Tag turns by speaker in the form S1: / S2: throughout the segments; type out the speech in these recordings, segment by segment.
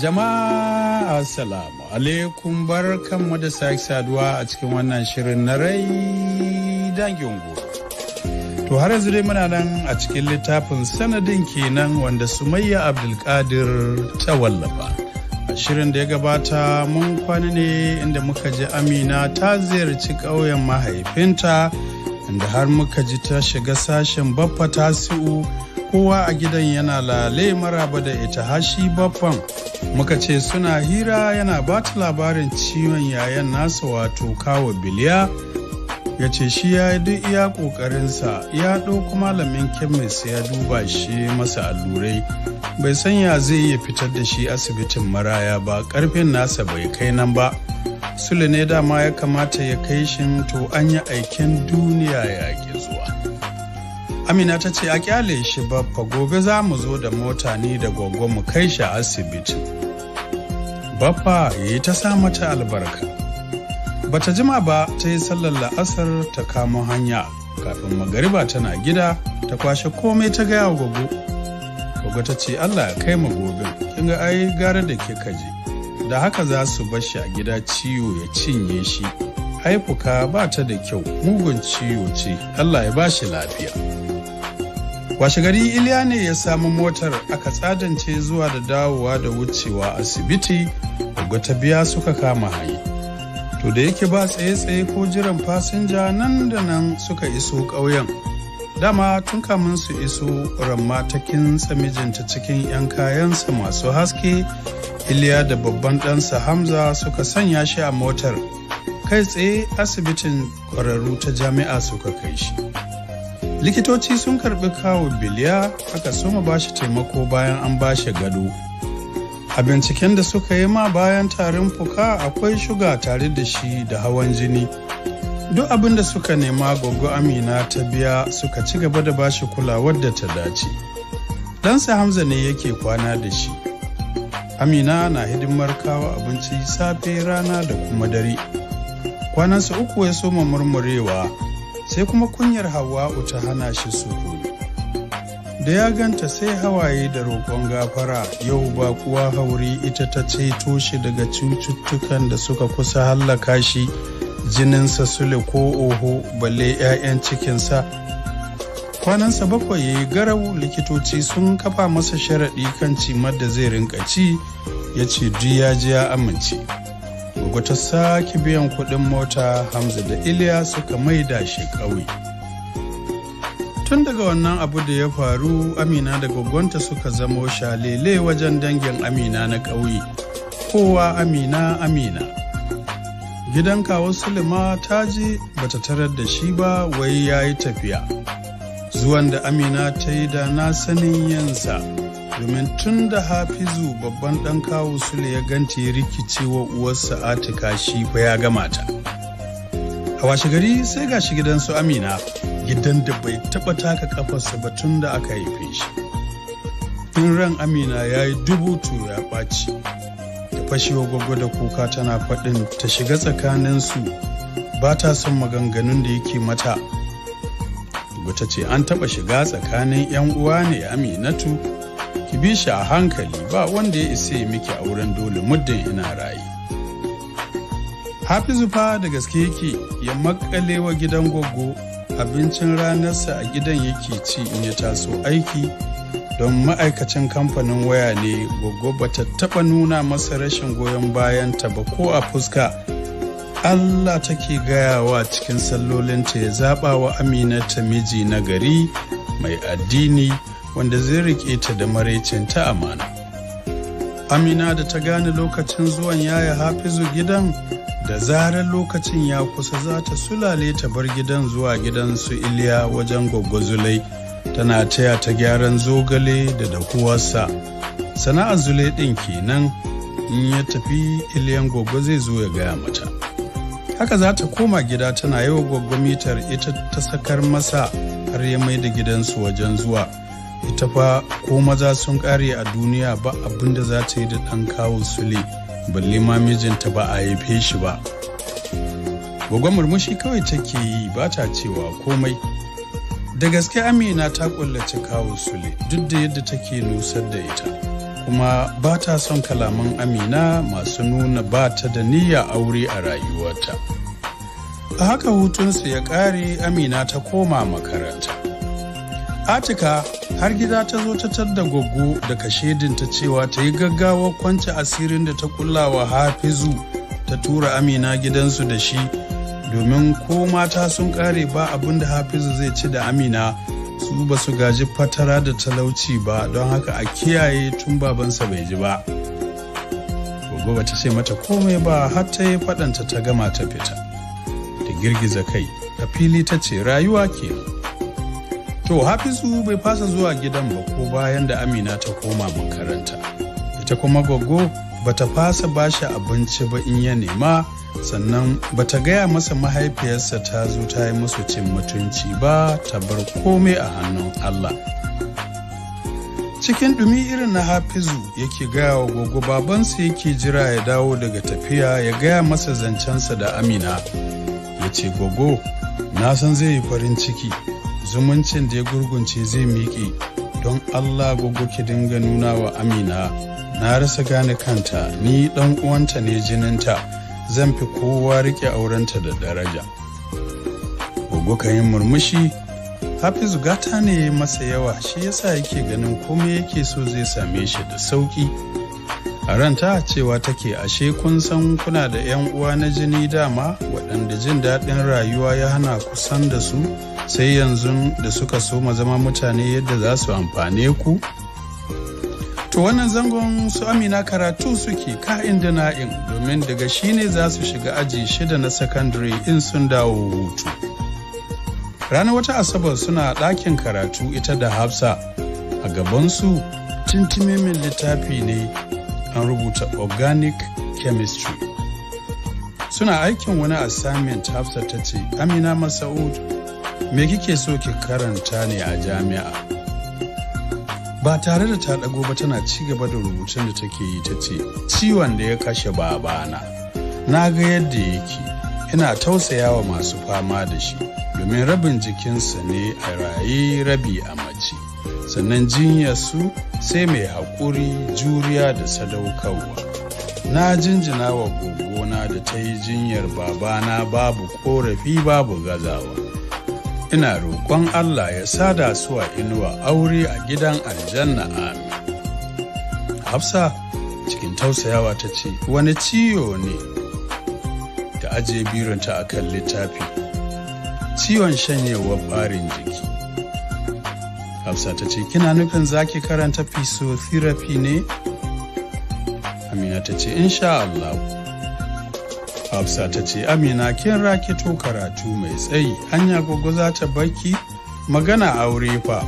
S1: Jama'a Assalamu alaikum bar da sake saduwa a cikin wannan shirin na rai dangin To har yanzu dai muna nan a cikin littafin sanadin kenan wanda Sumayya Abdulkadir ta wallafa. shirin da ya gabata mun kwana ne inda muka ji Amina ta ziyarci ƙauyen mahaifinta inda har muka ji ta shiga sashen baffa tasi'u kowa a gidan yana lale maraba da ita hashi babban muka ce suna hira yana ba ta labarin ciwon yayan nasa wato kawo biliya ya ce shi ya yi duk iya ƙoƙarinsa ya ɗauko malamin kemis ya duba shi masa allurai bai san ya zai iya fitar da shi asibitin maraya ba ƙarfin nasa bai kai nan ba sule ne dama ya kamata ya kai shi to an yi aikin duniya ya ke zuwa amina ta ce a kyale shi baffa gobe za mu zo da mota ni da goggo mu kai shi asibiti baffa ya yi ta sa mata albarka bata jima ba ta yi sallar la'asar ta kamo hanya kafin magariba tana gida ta kwashe komai ta gaya wa gogo gogo ta ce allah ya kai mu gobe kin ga ai gara da ke kaje da haka za su bar shi a gida ciwo ya cinye shi haifuka ba ta da kyau mugun ciwo ce allah ya ba shi lafiya washegari gari iliya ne ya samu motar aka tsadance zuwa da dawowa da wucewa asibiti ta biya suka kama hanyar to da yake ba tsaye-tsaye ko jiran fasinja nan da nan suka iso ƙauyen dama tun kamun su iso ramma ta kinsa mijinta cikin 'yan kayansa masu haske iliya da babban ɗansa hamza suka sanya shi a motar kai tsaye asibitin ƙwararru ta jami'a suka kai shi likitoci sun karbi kawo biliya aka soma shi taimako bayan an ba shi gado a binciken da suka yi ma bayan tarin fuka akwai shuga tare da shi da hawan jini duk abin da suka nema gogo amina ta biya suka ci gaba da ba shi kulawar da ta dace ɗansa hamza ne yake kwana da shi amina na hidimar kawo abinci safe rana da kuma dare kwanansa uku ya soma murmurewa sai kuma kunyar Hawwa'u ta hana shi su. Da ya ganta sai hawaye da roƙon gafara yau ba kuwa hauri ita ta ce toshi daga cututtukan da suka kusa hallaka shi jininsa sule ko oho balle 'ya'yan cikinsa. Kwanansa bakwai ya yi garau likitoci sun kafa masa sharaɗi kan cimar da zai rinka ci ya ce duk ya ji ya amince. goggo ta sake biyan kuɗin mota hamza da iliya suka mai da shi ƙauye tun daga wannan abu da ya faru amina da ta suka zamo shalele wajen dangin amina na ƙauye kowa amina amina gidan kawo sulima ta je bata tarar da shi ba wai ya yi tafiya zuwan da amina ta yi da na sanin yansa domin tun da hafizu babban dan kawu sule ya ganci rikicewa uwarsa atika shi fa ya gama ta a washe gari sai gashi shi gidansu amina gidan da bai taɓa taka kafarsa ba tun da aka haife shi in ran amina ya yi dubutu ya ɓaci da fashewa da kuka tana faɗin ta shiga tsakaninsu ba ta son maganganun da yake mata gwata ce an taɓa shiga tsakanin 'yan uwa ne aminatu ki bi shi a hankali ba wanda ya isa ya miki auren dole muddin ina rayu hafizu fa da gaske yake ya wa gidan goggo abincin ranarsa a gidan yake ci in ya taso aiki don ma'aikacin kamfanin waya ne goggo ba ta taɓa nuna masa rashin goyon ta ba ko a fuska allah take gayawa cikin sallolinta ya zaɓawa wa ta miji na gari mai addini wanda zai riƙe ta da maraicin ta amana amina da ta gane lokacin zuwan yaya hafizu gidan da zarar lokacin ya kusa za ta sulale ta bar gidan zuwa gidan su iliya wajen gwaggwazulai tana taya ta gyaran zogale da dakuwarsa sana'ar zulai ɗin kenan in ya tafi iliyan gwaggwa zai zo ya gaya mata haka za ta koma gida tana yawa gwaggwa mitar ita ta sakar masa har ya mai da gidansu wajen zuwa ita fa ko maza sun kare a duniya ba abin da za ta yi da ɗan kawo sule balle ma mijinta ba a haife shi ba gwagwa murmushi kawai take yi ba ta cewa komai da gaske amina ta kullace kawo sule duk da yadda take nusar da ita kuma ba ta son kalaman amina masu nuna ba ta da niyya aure a rayuwarta a haka hutunsu ya ƙare amina ta koma makaranta Atika har gida ta zo ta da gwaggo da ta cewa ta yi gaggawa kwance asirin da ta wa hafizu ta tura amina gidansu da shi domin ko mata sun kare ba abin da hafizu zai ci da amina su ba su gaji fatara da talauci ba don haka a kiyaye tun babansa bai ji ba gwaggo ba ta ce mata komai ba har ta yi faɗanta ta gama ta fita da girgiza kai a fili ta ce rayuwa ke. To Hafizu bai fasa zuwa gidan ba ko bayan da Amina ta koma makaranta. Ita kuma ba ta fasa bashi abinci ba in ya nema sannan ba ta gaya masa mahaifiyarsa ta zo ta yi musu cin mutunci ba ta bar komai a hannun Allah. Cikin ɗumi irin na Hafizu yake gaya wa Goggo babansa yake jira ya dawo daga tafiya ya gaya masa zancensa da Amina. Ya ce Goggo, na san zai yi farin ciki zumuncin da ya gurgunce zai miƙe don allah gogo ki dinga nuna wa amina na rasa gane kanta ni dan uwanta ne jininta zan fi kowa rike aurenta da daraja gogo ka yi murmushi hafizu gata ne masa yawa shi yasa yake ganin komai yake so zai same shi da sauki a ranta cewa take ashe kun san kuna da 'yan uwa na jini dama waɗanda jin daɗin rayuwa ya hana kusan da su sai yanzu da suka soma zama mutane yadda za su amfane ku to wannan zangon su amina karatu suke ka'in da na'in domin daga shi ne za su shiga aji shida na sakandare in sun dawo hutu ranar wata asabar suna ɗakin karatu ita da hafsa a gabansu tintimimin littafi ne an rubuta organic chemistry suna aikin wani assignment hafsa ta ce amina masa'ud me kike so ki karanta ne a jami'a ba tare da ta ɗago ba tana ci gaba da rubutun da take yi ta ce ciwon da ya kashe babana na ga yadda yake tausaya wa masu fama da shi domin rabin jikinsa ne a raye rabi a mace sannan jinyarsu sai mai haƙuri juriya da sadaukarwa na jinjina wa gogona da ta yi jinyar babana babu ƙorafi babu gazawa ina roƙon allah ya sada su a inuwa aure a gidan aljanna amin hafsa cikin tausayawa ta ce wani ciwo ne Da aje bironta a kan littafi ciwon shanyewar farin jiki Hafsa ta ce, Kina nufin zaki karanta physiotherapy ne? Amina ta ce, Insha Allah. Hafsa ta ce, Amina, kin rakito karatu mai tsayi, hanya gogo za ta baki magana aure fa.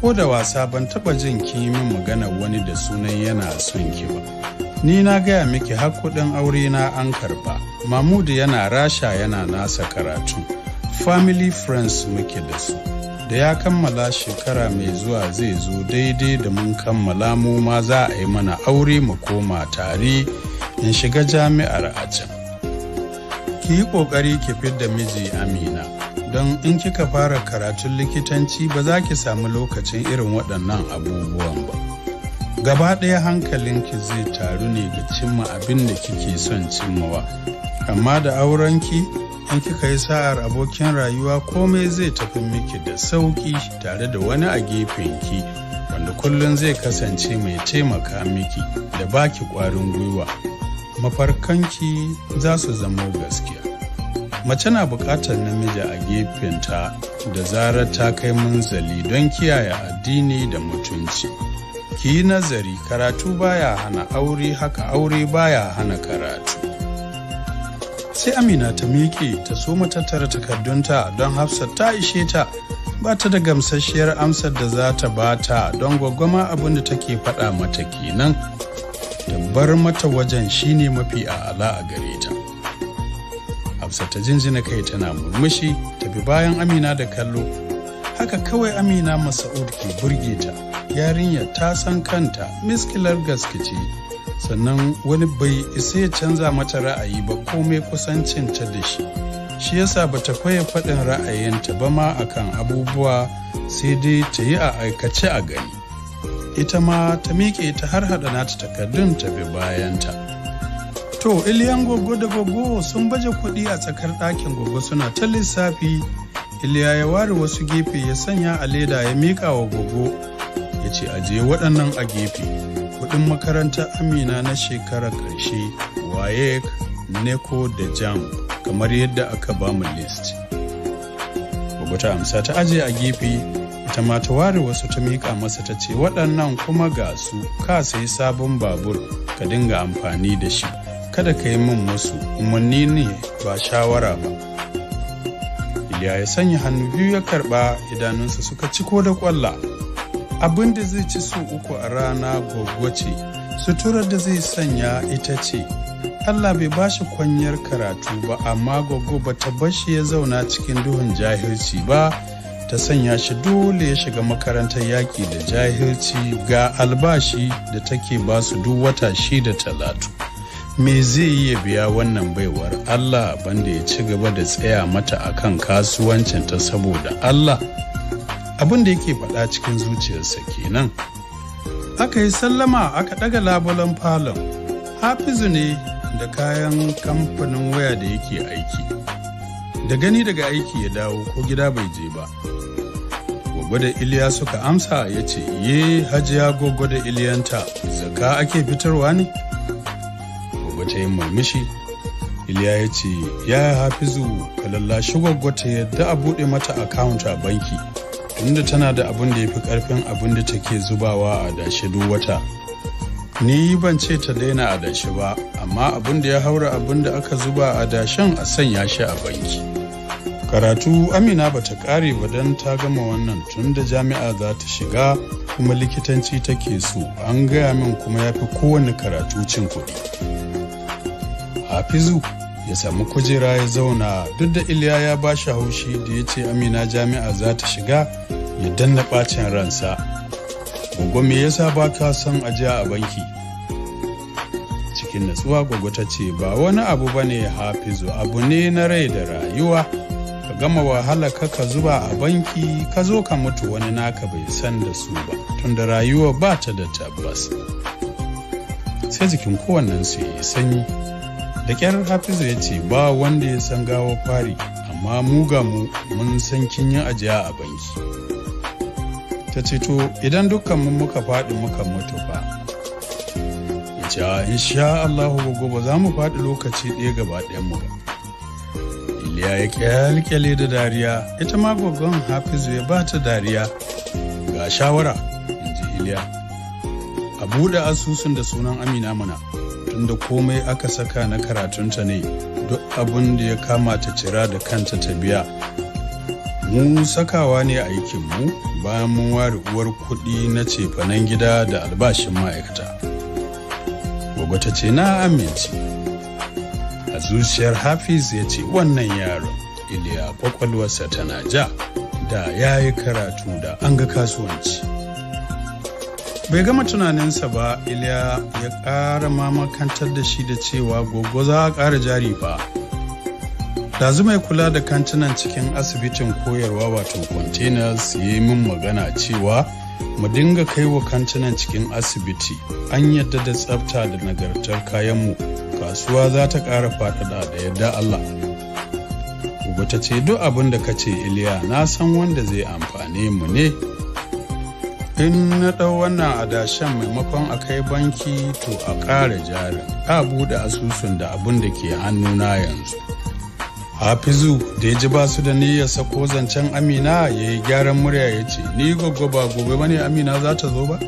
S1: Ko da wasa ban taba jin kimin magana wani da sunan yana son ki ba. Ni na gaya miki har kuɗin aure na an karba. Mamudu yana rasha yana nasa karatu. Family friends muke da su. da ya kammala shekara mai zuwa zai zo daidai da mun kammala mu ma za a yi mana aure mu koma tare in shiga jami'ar a can ki yi ƙoƙari ki da miji amina don in kika fara karatun likitanci ba za ki samu lokacin irin waɗannan abubuwan ba gaba ɗaya hankalinki zai taru ne ga cimma abin da kike son cimmawa amma da aurenki in kika yi sa'ar abokin rayuwa komai zai tafi miki da sauƙi tare da wani a gefenki wanda kullum zai kasance mai taimaka miki da baki ƙwarin gwiwa mafarkanki za su zamo gaskiya mace na buƙatar namiji a gefenta da zarar ta kai munzali don kiyaye addini da mutunci ki yi nazari karatu baya hana aure haka aure baya hana karatu sai amina ta miƙe ta so tattara takardunta don hafsat ta ishe ta ba ta da gamsasshiyar amsar da za ta ba ta don gwaggwama abin da take faɗa mata kenan ta bar mata wajen shine mafi a'ala a gare ta hafsat ta jinjina kai tana murmushi ta bi bayan amina da kallo haka kawai amina masa'ud ke burge ta yarinya ta san kanta miskilar gaskici sannan wani bai isa ya canza mata ra'ayi ba komai kusancinta da shi shi yasa ba ta kwaye faɗin ra'ayinta ba ma akan abubuwa sai dai ta yi a aikace a gani, ita ma ta miƙe ta har haɗa nata takardun ta bi bayanta to iliyan gogo da gogo sun baje kuɗi a tsakar ɗakin gogo suna ta lissafi iliya ya ware wasu gefe ya sanya a leda ya miƙa wa gogo ya ce aje waɗannan a gefe kuɗin makarantar amina na shekarar ƙarshe wayek neko da jam kamar yadda aka ba mu list bogota amsa ta aje a gefe ita ma ta ware wasu ta miƙa masa ta ce waɗannan kuma ga su ka sayi sabon babur ka dinga amfani da shi kada ka yi min wasu, umarni ne ba shawara ba ya sanya hannu biyu ya karɓa idanunsa suka ciko da ƙwalla abin da zai ci su uku a rana ce, suturar da zai sanya ita ce allah bai ba shi kwanyar karatu ba amma gogo ba ta bashi ya zauna cikin duhun jahilci ba ta sanya shi dole ya shiga makarantar yaƙi da jahilci ga albashi da take ba su duk wata shi da talatu me zai iya biya wannan baiwar allah banda ya ci gaba da tsaya mata akan kasuwancinta saboda allah abin da yake faɗa cikin zuciyarsa kenan aka yi sallama aka ɗaga labulan falon hafizu ne da kayan kamfanin waya da yake aiki da gani daga aiki ya dawo ko gida bai je ba Gobe da iliya suka amsa ya ce ye hajiya gogo da iliyanta zaka ake fitarwa ne gogo ta yi murmushi iliya ya ce ya hafizu ka lallashi gogo ta yadda a buɗe mata akawunt a banki inda tana da abin da ya fi karfin abin da take zubawa a dashe duk wata ni ban ce ta daina a dashe ba amma abin da ya haura abin da aka zuba a dashen a sanya shi a banki karatu amina ba ta kare ba don ta gama wannan tun da jami'a za ta shiga kuma likitanci take so an gaya min kuma ya fi kowane karatu cin kuɗi hafizu ya samu kujera ya zauna duk da iliya ya ba shi haushi da ya ce amina jami'a za ta shiga ya danna ɓacin ransa gwaggo me yasa ba ka san ajiya a banki cikin natsuwa gwaggo ta ce ba wani abu ba ne hafizu abu ne na rai da rayuwa ka gama wahala ka ka zuba a banki ka zo ka mutu wani naka bai san da su ba tunda rayuwa ba ta da tabbas sai jikin kowannen su yi sanyi da kyar hafizu ya ce ba wanda ya san gawo fari amma mu ga mu mun san kin yi ajiya a banki ta ce to idan dukkan mun muka faɗi muka mutu ba Ja, sha insha Allah gobe za mu faɗi lokaci ɗaya gaba ɗayan mu ba Iliya ya kyalkyale da dariya, ita ma gogon Hafizu ya bata dariya. Ga shawara, in ji Iliya. A buɗe asusun da sunan Amina mana, tunda komai aka saka na karatunta ne, duk abin da ya kamata cira da kanta ta biya, mu sakawa ne aikinmu bayan mun ware uwar kuɗi na cefanen gida da albashin ma'aikata gogo ta ce na amince a zuciyar hafiz ya ce wannan yaron iliya kwakwalwarsa tana ja da ya yi karatu da an ga kasuwanci bai gama tunaninsa ba iliya ya ƙara makantar da shi da cewa gobe za a ƙara jari ba. Dazu mai kula da kantinan cikin asibitin koyarwa wato containers ya yi min magana cewa mu dinga kai wa kantinan cikin asibiti an yadda da tsafta da nagartar kayanmu kasuwa za ta ƙara faɗaɗa da yadda Allah. Uba ta ce duk abin da ka ce Iliya na san wanda zai amfani mu ne. In na ɗau wannan adashen maimakon a kai banki to a ƙara jarin, a buɗe asusun da abin da ke na yanzu. hafizu da ya ji ba su da niyyar sako zancen amina ya yi gyaran murya ya ce ni goggo ba gobe ba ne amina za ta zo ba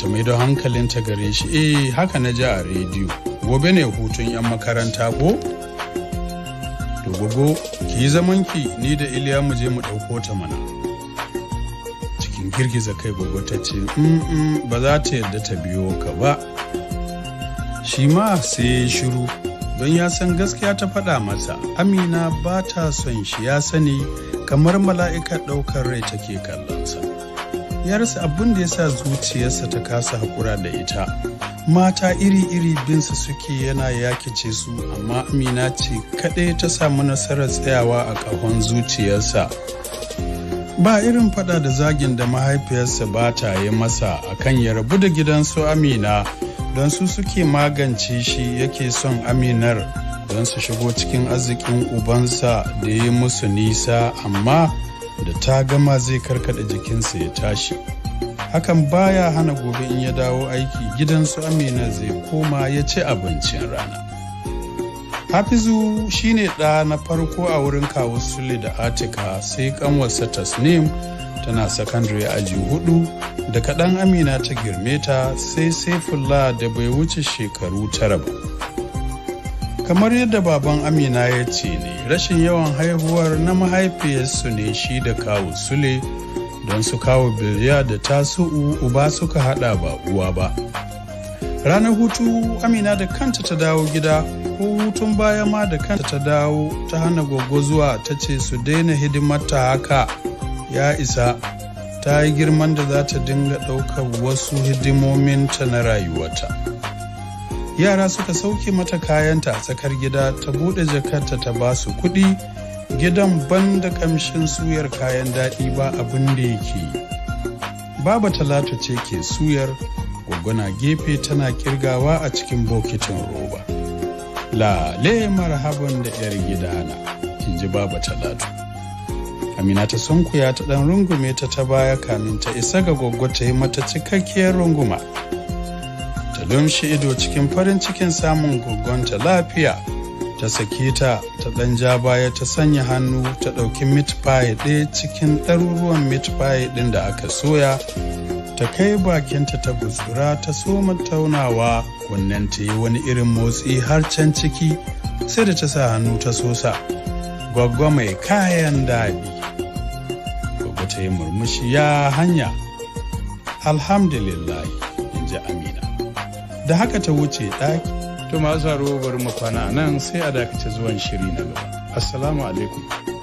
S1: ta maido hankalinta gare shi eh haka na ji a rediyo gobe ne hutun 'yan makaranta ko dogogo ki yi ki ni da iliya mu je mu ɗauko ta mana cikin girgiza kai gogo ta ce ba za ta yarda ta biyo ka ba shi ma sai shiru don ya san gaskiya ta faɗa masa amina ba ta son shi ya sani kamar mala'ikar ɗaukar rai take kallonsa ya rasa abin da ya sa zuciyarsa ta kasa haƙura da ita mata iri-iri binsa suke yana yakice su amma amina ce kaɗai ta samu nasarar tsayawa a ƙahon zuciyarsa ba irin faɗa da zagin da mahaifiyarsa ba ta yi masa akan ya rabu da gidansu amina don su suke magance shi yake son aminar don su shigo cikin arzikin ubansa da ya musu nisa amma da ta gama zai karkada jikinsa ya tashi hakan baya hana gobe in ya dawo aiki gidansu amina zai koma ya ci abincin rana hafizu shine ɗa na farko a wurin kawo sule da atika sai kanwarsa tasnim tana sakandare aji hudu da kaɗan amina ta girme ta sai sai saifullah da bai wuce shekaru tara ba kamar yadda baban amina ya ce ne rashin yawan haihuwar na mahaifiyarsu ne shi da kawo sule don su kawo biliya da tasu'u uba suka hada ba uwa ba ranar hutu amina da kanta ta dawo gida ko hutun baya ma da kanta ta dawo ta hana goggo zuwa ta ce su daina hidimar ta haka ya isa ta yi girman da za ta dinga ɗaukar wasu hidimominta na rayuwata yara suka sauke mata kayanta a tsakar gida ta buɗe jakarta ta ba su kuɗi gidan ban da ƙamshin suyar kayan daɗi ba abin da yake baba talatu ce ke suyar gwaggwana gefe tana kirgawa a cikin bokitin roba lale marhaban da 'yar gidana in ji baba talatu aminata sunkuya ta dan rungume ta ta baya kamin ta isa ga goggo ta yi mata cikakkiyar runguma ta lumshi ido cikin farin cikin samun ta lafiya ta saki ta ta dan ja baya ta sanya hannu ta ɗauki meat pie ɗaya cikin ɗaruruwan meat pie ɗin da aka soya ta kai bakinta ta gutsura ta soma taunawa kunnen ta yi wani irin motsi har can ciki sai da ta sa hannu ta sosa. Goggo mai kayan daɗi. Gwaggo ta yi murmushi ya hanya. Alhamdulillah, in ji Amina. Da haka ta wuce ɗaki. To masu bari mu kwana nan sai a dakace zuwan shiri na gaba. Assalamu alaikum.